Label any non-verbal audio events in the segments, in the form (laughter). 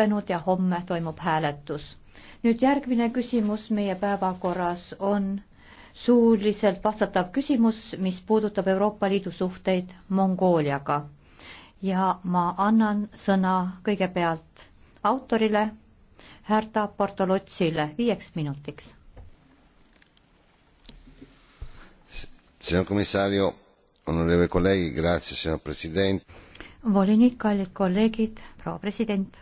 lõppenud ja homme toimub hääletus. nüüd järgmine küsimus meie päevakorras on suuliselt vastatav küsimus, mis puudutab Euroopa Liidu suhteid Mongooliaga. ja ma annan sõna kõigepealt autorile, Härta Bartolotsile viieks minutiks. Signor commissario, onorevoli colleghi, grazie signor president. volinik, kallid kolleegid, proua president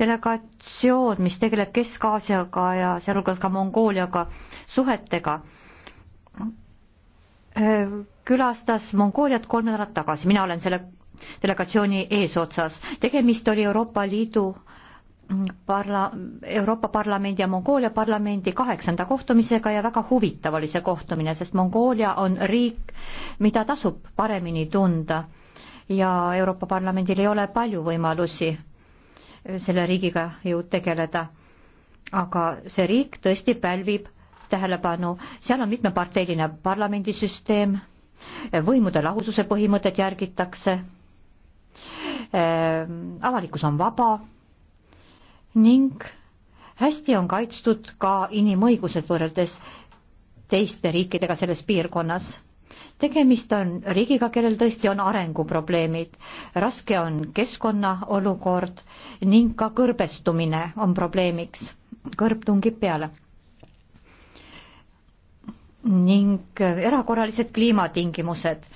delegatsioon, mis tegeleb Kesk-Aasiaga ja sealhulgas ka Mongooliaga suhetega, äh, külastas Mongooliat kolm nädalat tagasi, mina olen selle delegatsiooni eesotsas. tegemist oli Euroopa Liidu mm, parla-, Euroopa Parlamendi ja Mongoolia parlamendi kaheksanda kohtumisega ja väga huvitav oli see kohtumine, sest Mongoolia on riik, mida tasub paremini tunda ja Euroopa Parlamendil ei ole palju võimalusi selle riigiga ju tegeleda. aga see riik tõesti pälvib tähelepanu, seal on mitmeparteiline parlamendisüsteem, võimude lahususe põhimõtet järgitakse, ehm, avalikkus on vaba ning hästi on kaitstud ka inimõigused võrreldes teiste riikidega selles piirkonnas tegemist on riigiga, kellel tõesti on arenguprobleemid. raske on keskkonna olukord ning ka kõrbestumine on probleemiks. kõrb tungib peale. ning erakorralised kliimatingimused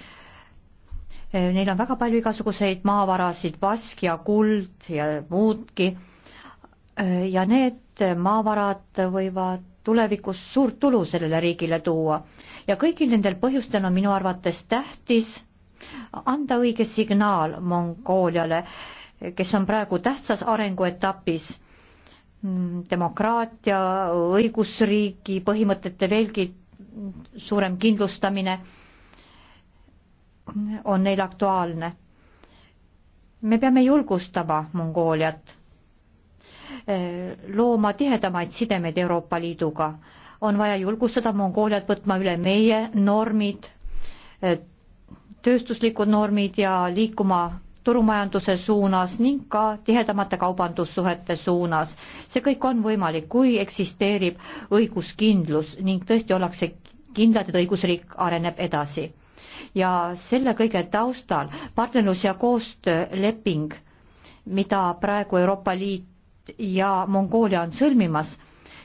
neil on väga palju igasuguseid maavarasid, vask ja kuld ja muudki. ja need maavarad võivad tulevikus suurt tulu sellele riigile tuua. ja kõigil nendel põhjustel on minu arvates tähtis anda õige signaal Mongooliale, kes on praegu tähtsas arenguetapis demokraatia, õigusriigi põhimõtete veelgi suurem kindlustamine on neil aktuaalne. me peame julgustama Mongooliat Eh, looma tihedamaid sidemeid Euroopa Liiduga. on vaja julgustada Mongooliat võtma üle meie normid, eh, tööstuslikud normid ja liikuma turumajanduse suunas ning ka tihedamate kaubandussuhete suunas. see kõik on võimalik, kui eksisteerib õiguskindlus ning tõesti ollakse kindlad, et õigusriik areneb edasi. ja selle kõige taustal partnerlus- ja koostööleping, mida praegu Euroopa Liit ja Mongoolia on sõlmimas.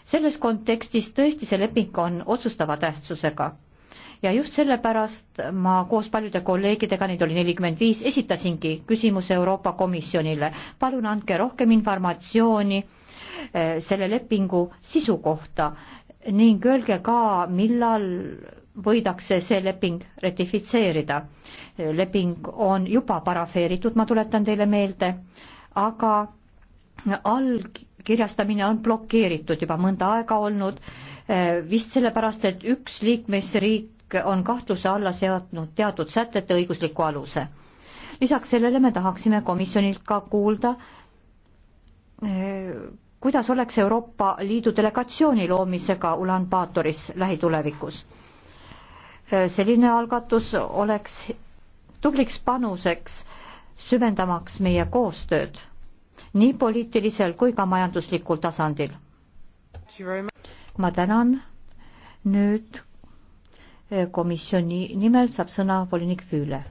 selles kontekstis tõesti see leping on otsustava tähtsusega. ja just sellepärast ma koos paljude kolleegidega, neid oli nelikümmend viis, esitasingi küsimuse Euroopa Komisjonile. palun andke rohkem informatsiooni eh, selle lepingu sisu kohta ning öelge ka, millal võidakse see leping ratifitseerida. leping on juba parafeeritud, ma tuletan teile meelde, aga allkirjastamine on blokeeritud juba mõnda aega olnud, eh, vist sellepärast, et üks liikmesriik on kahtluse alla seadnud teatud sätete õigusliku aluse. lisaks sellele me tahaksime komisjonilt ka kuulda, eh, kuidas oleks Euroopa Liidu delegatsiooni loomisega Ulaanbaatoris lähitulevikus? Eh, selline algatus oleks tubliks panuseks süvendamaks meie koostööd nii poliitilisel kui ka majanduslikul tasandil. ma tänan, nüüd eh, komisjoni nimel saab sõna volinik Füüle.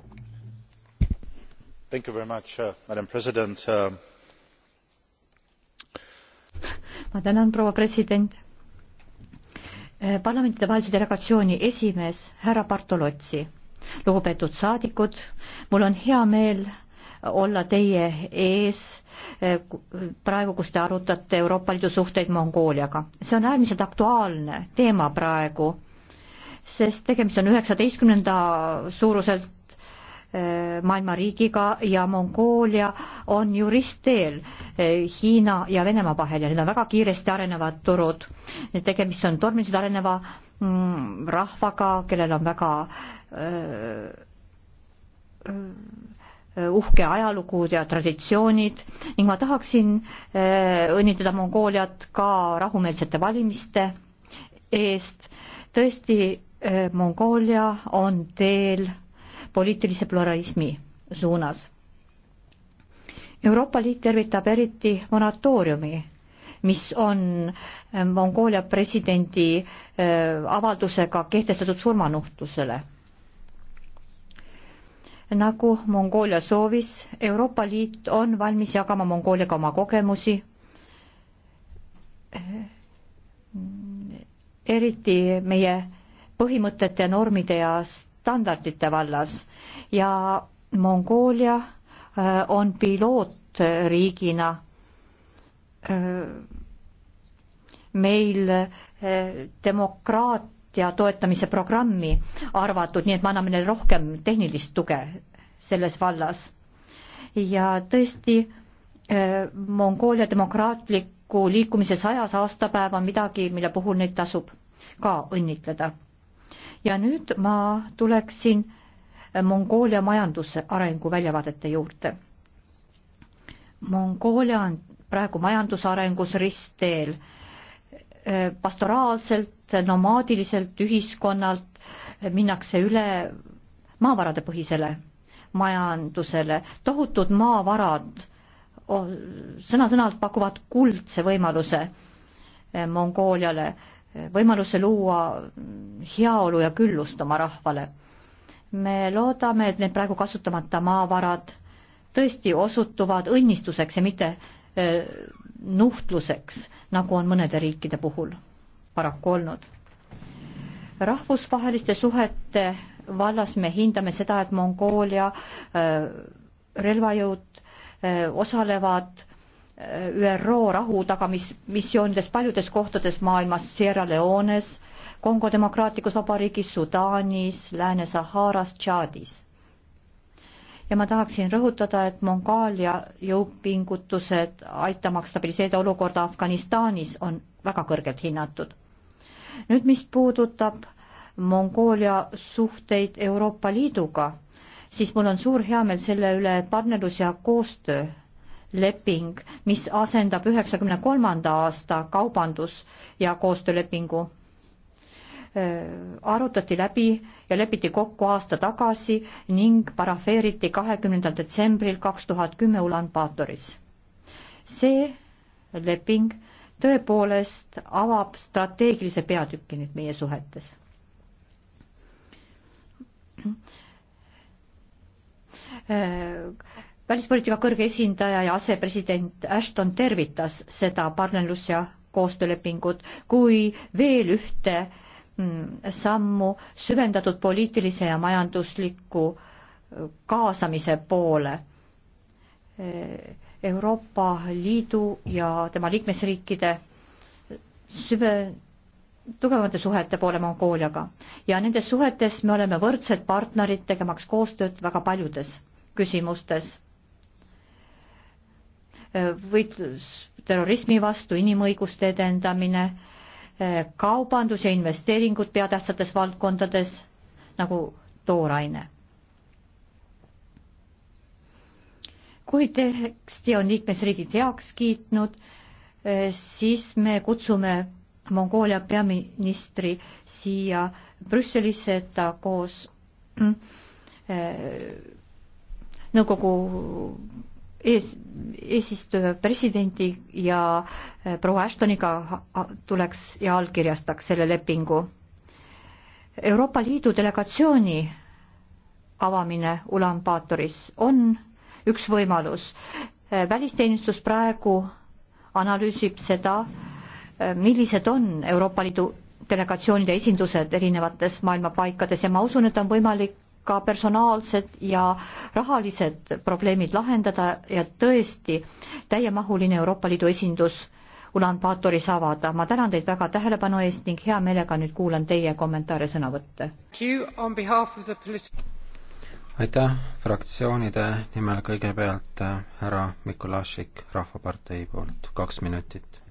Thank you very much uh,, madam president uh.... (laughs) ma tänan, proua president eh, parlamentidevahelise delegatsiooni esimees härra Bartolotsi. lugupeetud saadikud, mul on hea meel olla teie ees eh, praegu, kus te arutate Euroopa Liidu suhteid Mongooliaga. see on äärmiselt aktuaalne teema praegu, sest tegemist on üheksateistkümnenda suuruselt eh, maailma riigiga ja Mongoolia on ju ristteel eh, Hiina ja Venemaa vahel ja need on väga kiiresti arenevad turud. tegemist on tormiliselt areneva mm, rahvaga, kellel on väga öö, öö, Eh, uhke ajalugu ja traditsioonid ning ma tahaksin eh, õnnitleda Mongooliat ka rahumeelsete valimiste eest. tõesti, eh, Mongoolia on teel poliitilise pluralismi suunas. Euroopa Liit tervitab eriti monatooriumi, mis on Mongoolia presidendi avaldusega kehtestatud surmanuhtlusele nagu Mongoolia soovis, Euroopa Liit on valmis jagama Mongooliaga oma kogemusi, eriti meie põhimõtete, normide ja standardite vallas ja Mongoolia äh, on pilootriigina äh, meil äh, demokraat ja toetamise programmi arvatud, nii et me anname neile rohkem tehnilist tuge selles vallas. ja tõesti, äh, Mongoolia demokraatliku liikumise sajas aastapäev on midagi, mille puhul neid tasub ka õnnitleda. ja nüüd ma tuleksin äh, Mongoolia majanduse arengu väljavaadete juurde. Mongoolia on praegu majandusarengus ristteel pastoraalselt, nomaadiliselt ühiskonnalt minnakse üle maavarade põhisele majandusele. tohutud maavarad sõna-sõnalt pakuvad kuldse võimaluse eh, Mongooliale, eh, võimaluse luua heaolu ja küllust oma rahvale. me loodame, et need praegu kasutamata maavarad tõesti osutuvad õnnistuseks ja mitte eh, nuhtluseks, nagu on mõnede riikide puhul paraku olnud. rahvusvaheliste suhete vallas me hindame seda, et Mongoolia äh, relvajõud äh, osalevad äh, ÜRO rahutagamismissioonides paljudes kohtades maailmas, Sierra Leones, Kongo Demokraatlikus Vabariigis, Sudaanis, Lääne-Saharas, Tšaadis ja ma tahaksin rõhutada, et Mongoolia jõupingutused aitamaks stabiliseerida olukorda Afganistanis on väga kõrgelt hinnatud. nüüd, mis puudutab Mongoolia suhteid Euroopa Liiduga, siis mul on suur heameel selle üle, et partnerlus ja koostöö leping, mis asendab üheksakümne kolmanda aasta kaubandus- ja koostöölepingu Äh, arutati läbi ja lepiti kokku aasta tagasi ning parafeeriti kahekümnendal detsembril kaks tuhat kümme Ulaanbaatoris. see leping tõepoolest avab strateegilise peatüki nüüd meie suhetes. Äh, välispoliitika kõrge esindaja ja asepresident Ashton tervitas seda partnerlus- ja koostöölepingut kui veel ühte äh, Mm, sammu süvendatud poliitilise ja majandusliku äh, kaasamise poole. Äh, Euroopa Liidu ja tema liikmesriikide süve, tugevamate suhete poole Mongooliaga ja nendes suhetes me oleme võrdsed partnerid, tegemaks koostööd väga paljudes küsimustes. Äh, võitlus terrorismi vastu, inimõiguste edendamine kaubandus ja investeeringud peatähtsates valdkondades nagu tooraine. kui teksti on liikmesriigid heaks kiitnud, eh, siis me kutsume Mongoolia peaministri siia Brüsselisse, et ta koos eh, nõukogu ees, eesistuja presidendi ja eh, proua Ashtoniga tuleks ja allkirjastaks selle lepingu. Euroopa Liidu delegatsiooni avamine Ulaanbaatoris on üks võimalus. Eh, välisteenistus praegu analüüsib seda, eh, millised on Euroopa Liidu delegatsioonide esindused erinevates maailma paikades ja ma usun, et on võimalik ka personaalsed ja rahalised probleemid lahendada ja tõesti täiemahuline Euroopa Liidu esindus Ulaanbaatoris avada. ma tänan teid väga tähelepanu eest ning hea meelega nüüd kuulan teie kommentaare, sõnavõtte. aitäh fraktsioonide nimel kõigepealt äh, härra Mikulašik Rahvapartei poolt, kaks minutit.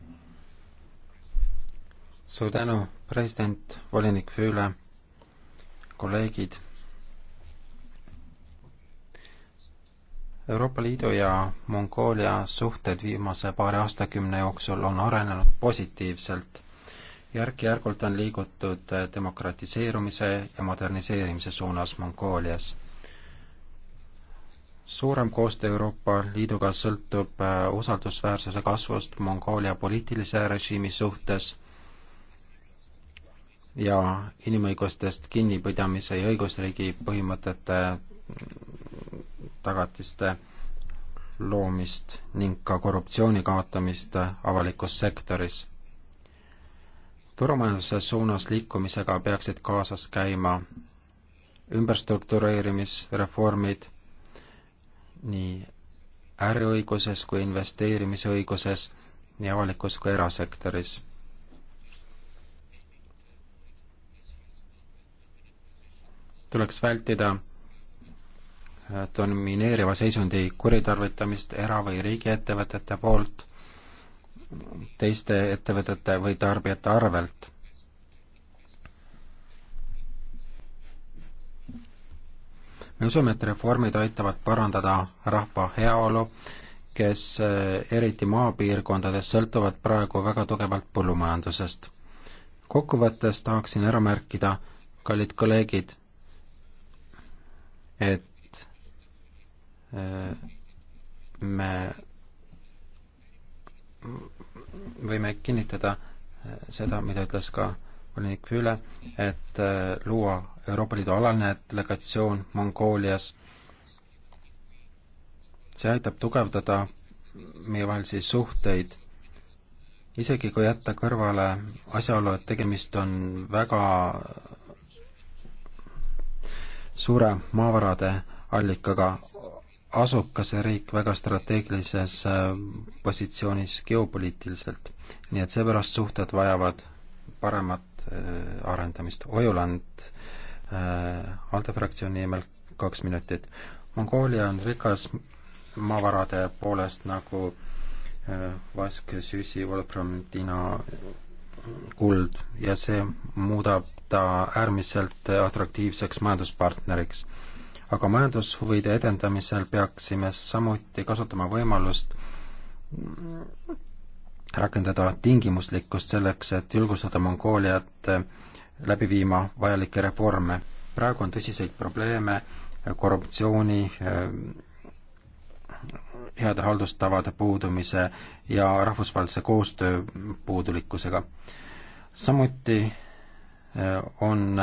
suur tänu, president, volinik Füüle, kolleegid Euroopa Liidu ja Mongoolia suhted viimase paari aastakümne jooksul on arenenud positiivselt. järk-järgult on liigutud demokratiseerumise ja moderniseerimise suunas Mongoolias. suurem koostöö Euroopa Liiduga sõltub äh, usaldusväärsuse kasvust Mongoolia poliitilise režiimi suhtes ja inimõigustest kinnipidamise ja õigusriigi põhimõtete tagatiste loomist ning ka korruptsiooni kaotamist avalikus sektoris. turumajanduse suunas liikumisega peaksid kaasas käima ümberstruktureerimisreformid nii äriõiguses kui investeerimisõiguses, nii avalikus kui erasektoris. tuleks vältida domineeriva seisundi kuritarvitamist era- või riigiettevõtete poolt teiste ettevõtete või tarbijate arvelt. me usume, et reformid aitavad parandada rahva heaolu, kes eh, eriti maapiirkondades sõltuvad praegu väga tugevalt põllumajandusest. kokkuvõttes tahaksin ära märkida, kallid kolleegid, et me võime kinnitada eh, seda, mida ütles ka volinik Füüle, et eh, luua Euroopa Liidu alaline delegatsioon Mongoolias. see aitab tugevdada meievahelisi suhteid, isegi kui jätta kõrvale asjaolu, et tegemist on väga suure maavarade allikaga, asub ka see riik väga strateegilises äh, positsioonis geopoliitiliselt. nii et seepärast suhted vajavad paremat äh, arendamist. Ojuland äh, ALDE fraktsiooni nimel kaks minutit. Mongoolia on rikas maavarade poolest nagu vask, süsi, volfram, tina, kuld ja see muudab ta äärmiselt atraktiivseks majanduspartneriks aga majandushuvide edendamisel peaksime samuti kasutama võimalust rakendada tingimuslikkust selleks, et julgustada Mongooliat läbi viima vajalikke reforme. praegu on tõsiseid probleeme korruptsiooni, heade haldustavade puudumise ja rahvusvahelise koostöö puudulikkusega. samuti eh, on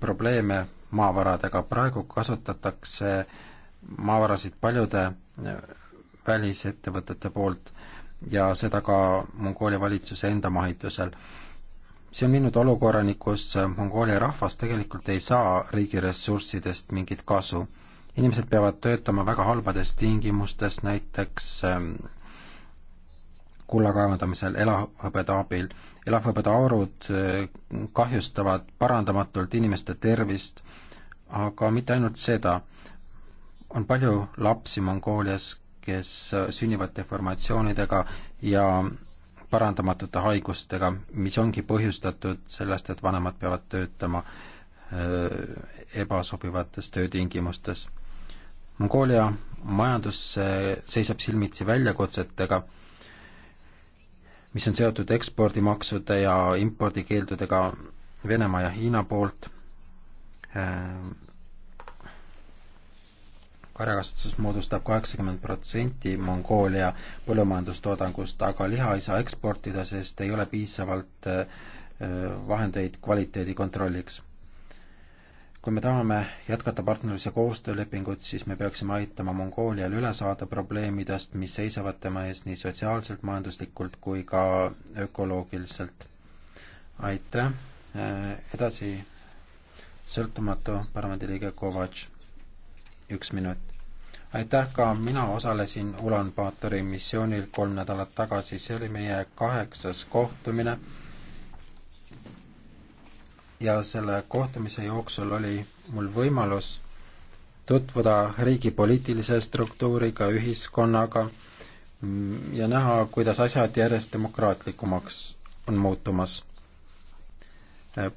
probleeme maavaradega, praegu kasutatakse maavarasid paljude välisettevõtete poolt ja seda ka Mongoolia valitsuse enda mahitusel. see on viinud olukorrani, kus Mongoolia rahvas tegelikult ei saa riigi ressurssidest mingit kasu. inimesed peavad töötama väga halbades tingimustes, näiteks ähm, kulla kaevandamisel elahõbeda abil. elahõbeda aurud eh, kahjustavad parandamatult inimeste tervist, aga mitte ainult seda. on palju lapsi Mongoolias, kes sünnivad deformatsioonidega ja parandamatute haigustega, mis ongi põhjustatud sellest, et vanemad peavad töötama eh, ebasobivates töötingimustes. Mongoolia majandus seisab silmitsi väljakutsetega mis on seotud ekspordimaksude ja impordikeeldudega Venemaa ja Hiina poolt, äh, karjakasvatus moodustab kaheksakümmend protsenti Mongoolia põllumajandustoodangust, aga liha ei saa eksportida, sest ei ole piisavalt äh, vahendeid kvaliteedi kontrolliks kui me tahame jätkata partnerlus- ja koostöölepingut, siis me peaksime aitama Mongoolial üle saada probleemidest, mis seisavad tema ees nii sotsiaalselt, majanduslikult kui ka ökoloogiliselt. aitäh, edasi sõltumatu parlamendiliige Kovatš, üks minut. aitäh, ka mina osalesin Ulan-Baatari missioonil kolm nädalat tagasi, see oli meie kaheksas kohtumine ja selle kohtumise jooksul oli mul võimalus tutvuda riigi poliitilise struktuuriga, ühiskonnaga mm, ja näha, kuidas asjad järjest demokraatlikumaks on muutumas.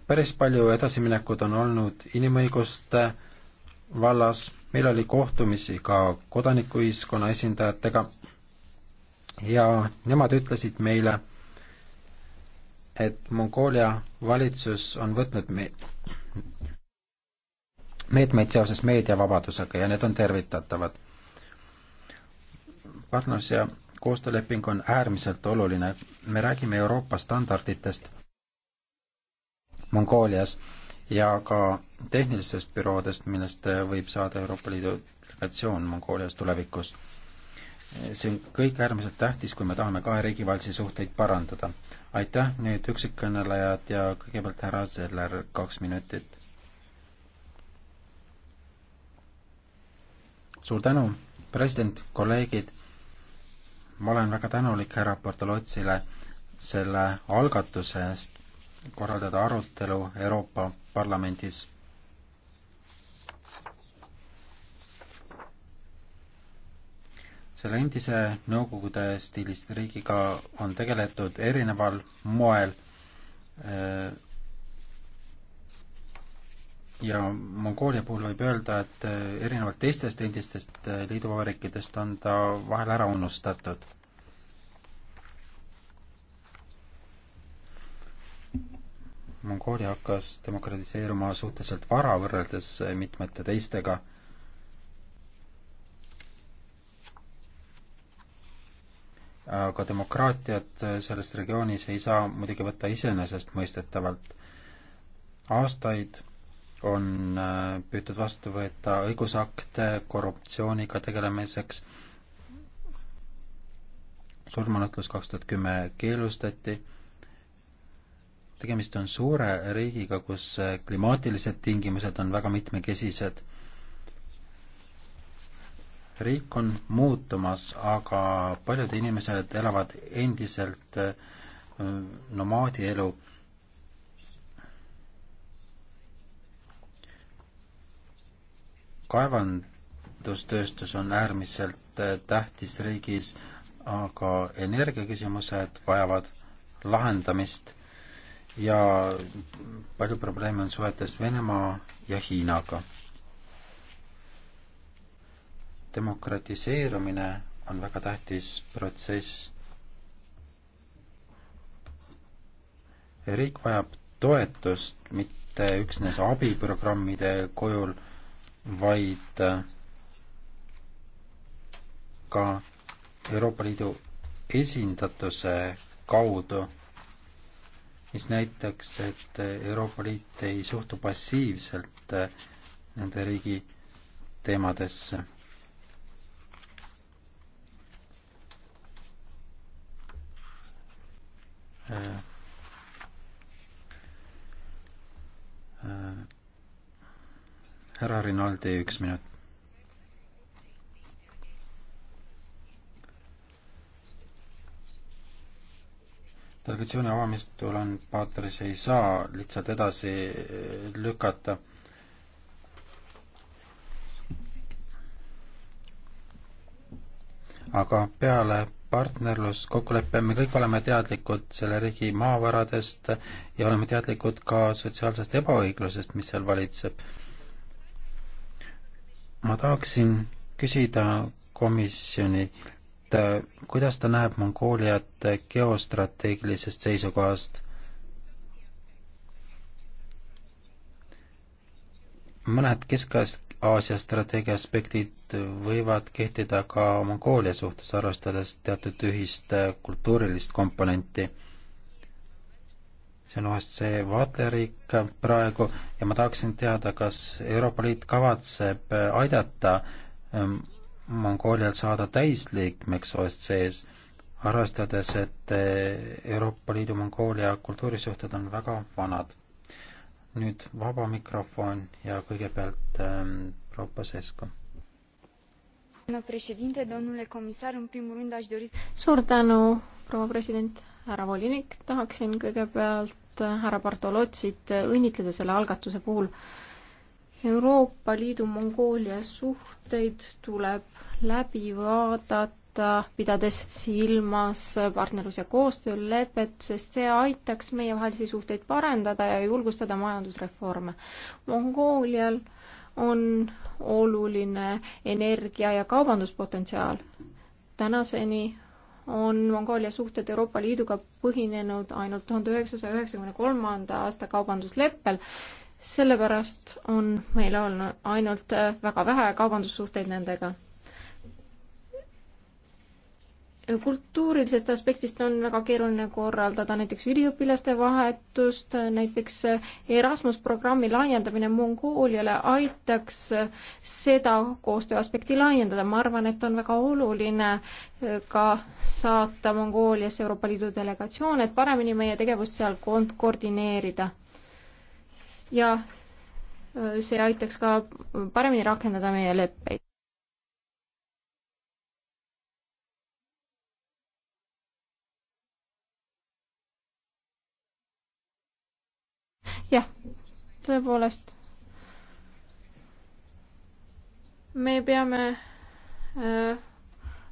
päris palju edasiminekud on olnud inimõiguste vallas, meil oli kohtumisi ka kodanikuühiskonna esindajatega ja nemad ütlesid meile, et Mongoolia valitsus on võtnud meetmeid meet seoses meediavabadusega ja need on tervitatavad. partners ja koostööleping on äärmiselt oluline, me räägime Euroopa standarditest Mongoolias ja ka tehnilistest büroodest, millest võib saada Euroopa Liidu delegatsioon Mongoolias tulevikus see on kõik äärmiselt tähtis, kui me tahame kahe riigi vahelisi suhteid parandada. aitäh, nüüd üksikkõnelejad ja kõigepealt härra Zeller, kaks minutit. suur tänu, president, kolleegid, ma olen väga tänulik härra Portolotsile selle algatuse eest korraldada arutelu Euroopa Parlamendis selle endise Nõukogude stiilist riigiga on tegeletud erineval moel äh, ja Mongoolia puhul võib öelda, et äh, erinevalt teistest endistest äh, liiduvabariikidest on ta vahel ära unustatud. Mongoolia hakkas demokratiseeruma suhteliselt vara võrreldes mitmete teistega aga demokraatiat äh, selles regioonis ei saa muidugi võtta iseenesestmõistetavalt. aastaid on äh, püütud vastu võtta õigusakte korruptsiooniga tegelemiseks, surmanutlus kaks tuhat kümme keelustati, tegemist on suure riigiga, kus äh, klimaatilised tingimused on väga mitmekesised riik on muutumas, aga paljud inimesed elavad endiselt äh, nomaadi elu. kaevandustööstus on äärmiselt äh, tähtis riigis, aga energiaküsimused vajavad lahendamist ja palju probleeme on suhetes Venemaa ja Hiinaga demokratiseerumine on väga tähtis protsess. riik vajab toetust mitte üksnes abiprogrammide kujul, vaid ka Euroopa Liidu esindatuse kaudu, mis näitaks, et Euroopa Liit ei suhtu passiivselt nende riigi teemadesse Äh, äh, härra Rinaldi, üks minut. delegatsiooni avamist Ulan Baatris ei saa lihtsalt edasi äh, lükata aga peale partnerluskokkulepe, me kõik oleme teadlikud selle riigi maavaradest ja oleme teadlikud ka sotsiaalsest ebaõiglusest, mis seal valitseb. ma tahaksin küsida komisjonilt, kuidas ta näeb Mongooliat geostrateegilisest seisukohast? mõned Kesk-Aasiast Aasia strateegia aspektid võivad kehtida ka Mongoolia suhtes, arvestades teatud ühist äh, kultuurilist komponenti. see on OSCE vaatlejariik praegu ja ma tahaksin teada, kas Euroopa Liit kavatseb äh, aidata ähm, Mongoolial saada täisliikmeks OSCE-s, arvestades, et äh, Euroopa Liidu Mongoolia kultuurisuhted on väga vanad nüüd vaba mikrofon ja kõigepealt ähm, proua Pasescu. suur tänu, proua president, härra volinik, tahaksin kõigepealt äh, härra Bartolotsit äh, õnnitleda selle algatuse puhul. Euroopa Liidu Mongoolia suhteid tuleb läbi vaadata kohta, pidades silmas partnerlus- ja koostöölepet, sest see aitaks meievahelisi suhteid parendada ja julgustada majandusreforme. Mongoolial on oluline energia- ja kaubanduspotentsiaal. tänaseni on Mongoolia suhted Euroopa Liiduga põhinenud ainult tuhande üheksasaja üheksakümne kolmanda aasta kaubandusleppel, sellepärast on meil olnud ainult väga vähe kaubandussuhteid nendega kultuurilisest aspektist on väga keeruline korraldada näiteks üliõpilaste vahetust, näiteks Erasmus programmi laiendamine Mongooliale aitaks seda koostöö aspekti laiendada, ma arvan, et on väga oluline ka saata Mongooliasse Euroopa Liidu delegatsioon, et paremini meie tegevust seal koordineerida. ja see aitaks ka paremini rakendada meie leppeid. tõepoolest me peame äh,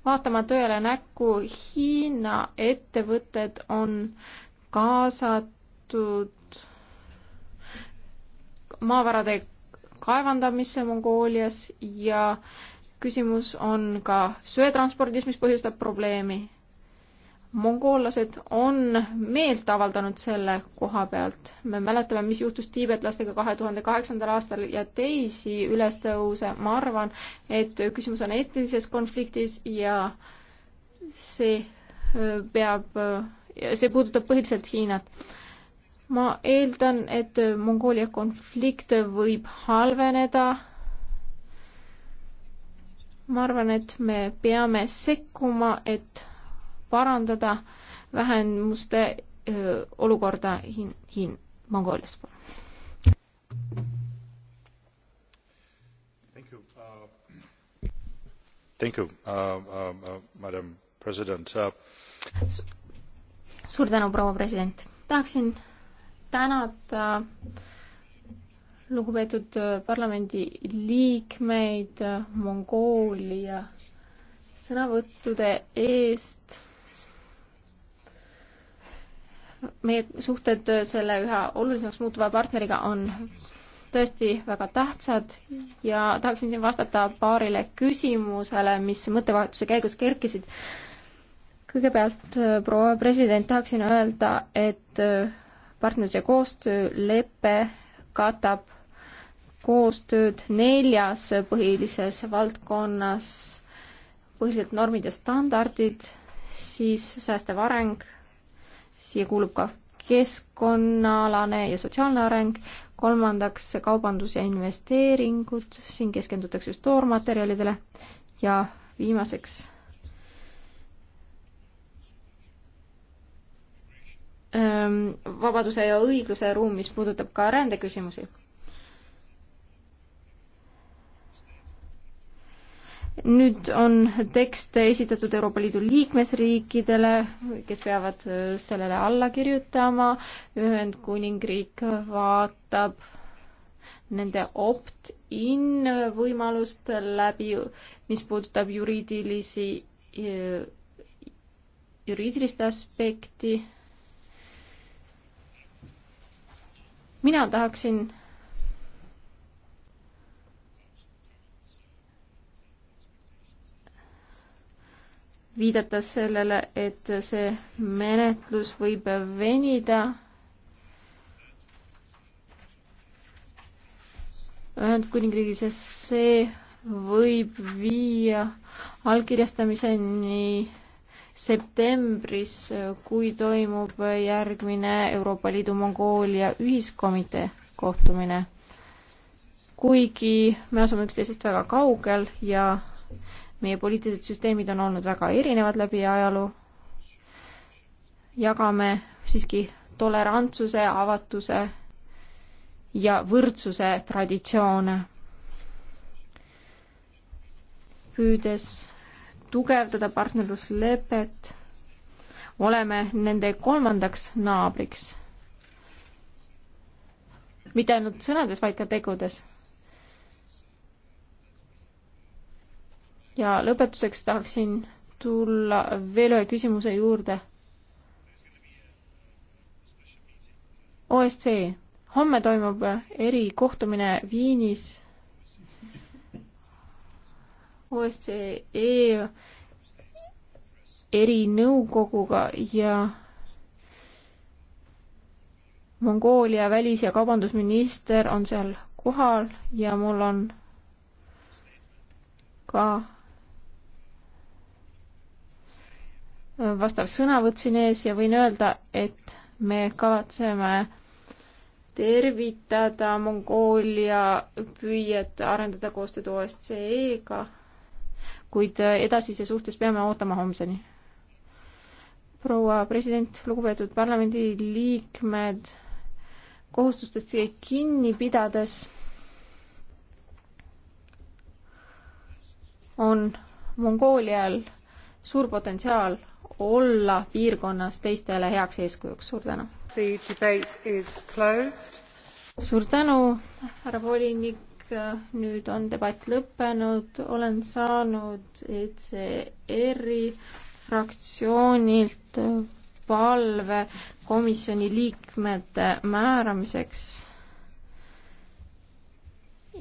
vaatama tõele näkku, Hiina ettevõtted on kaasatud maavarade kaevandamisse Mongoolias ja küsimus on ka söetranspordis, mis põhjustab probleemi mongoollased on meelt avaldanud selle koha pealt. me mäletame, mis juhtus tiibetlastega kahe tuhande kaheksandal aastal ja teisi ülestõuse. ma arvan, et küsimus on eetilises konfliktis ja see äh, peab, äh, see puudutab põhiliselt Hiinat. ma eeldan, et Mongoolia konflikt võib halveneda ma arvan, et me peame sekkuma, et parandada vähemuste olukorda Hiin-, Hiin-, Mongoolias. Thank you uh,, thank you uh,, uh, uh madam president uh.... suur tänu, proua president. tahaksin tänada lugupeetud parlamendi liikmeid Mongoolia sõnavõttude eest meie suhted selle üha olulisemaks muutuva partneriga on tõesti väga tähtsad ja tahaksin siin vastata paarile küsimusele, mis mõttevahetuse käigus kerkisid. kõigepealt, äh, proua president, tahaksin öelda, et äh, partnerluse koostöölepe katab koostööd neljas põhilises valdkonnas, põhiliselt normid ja standardid, siis säästev areng, siia kuulub ka keskkonnaalane ja sotsiaalne areng, kolmandaks kaubandus ja investeeringud, siin keskendutakse just toormaterjalidele ja viimaseks ähm, vabaduse ja õigluse ruum, mis puudutab ka rändeküsimusi nüüd on tekst esitatud Euroopa Liidu liikmesriikidele, kes peavad äh, sellele alla kirjutama. Ühendkuningriik vaatab nende opt-in võimalust läbi, mis puudutab juriidilisi, äh, juriidilist aspekti. mina tahaksin viidates sellele, et see menetlus võib venida Ühendkuningriigis ja see võib viia allkirjastamiseni septembris, kui toimub järgmine Euroopa Liidu Mongoolia ühiskomitee kohtumine. kuigi me asume üksteisest väga kaugel ja meie poliitilised süsteemid on olnud väga erinevad läbi ajaloo. jagame siiski tolerantsuse, avatuse ja võrdsuse traditsioone. püüdes tugevdada partnerluslepet, oleme nende kolmandaks naabriks. mitte ainult sõnades, vaid ka tegudes ja lõpetuseks tahaksin tulla veel ühe küsimuse juurde. OSCE, homme toimub erikohtumine Viinis. OSCE erinõukoguga ja Mongoolia välis- ja kaubandusminister on seal kohal ja mul on ka vastav sõnavõtt siin ees ja võin öelda, et me kavatseme tervitada Mongoolia püüet arendada koostööd OSCE-ga, kuid edasise suhtes peame ootama homseni. proua president, lugupeetud parlamendiliikmed, kohustustest kinni pidades on Mongoolial suur potentsiaal olla piirkonnas teistele heaks eeskujuks, suur tänu! suur tänu, härra volinik, nüüd on debatt lõppenud, olen saanud ECR-i fraktsioonilt palve komisjoni liikmete määramiseks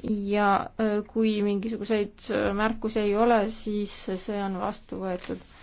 ja äh, kui mingisuguseid märkusi ei ole, siis see on vastu võetud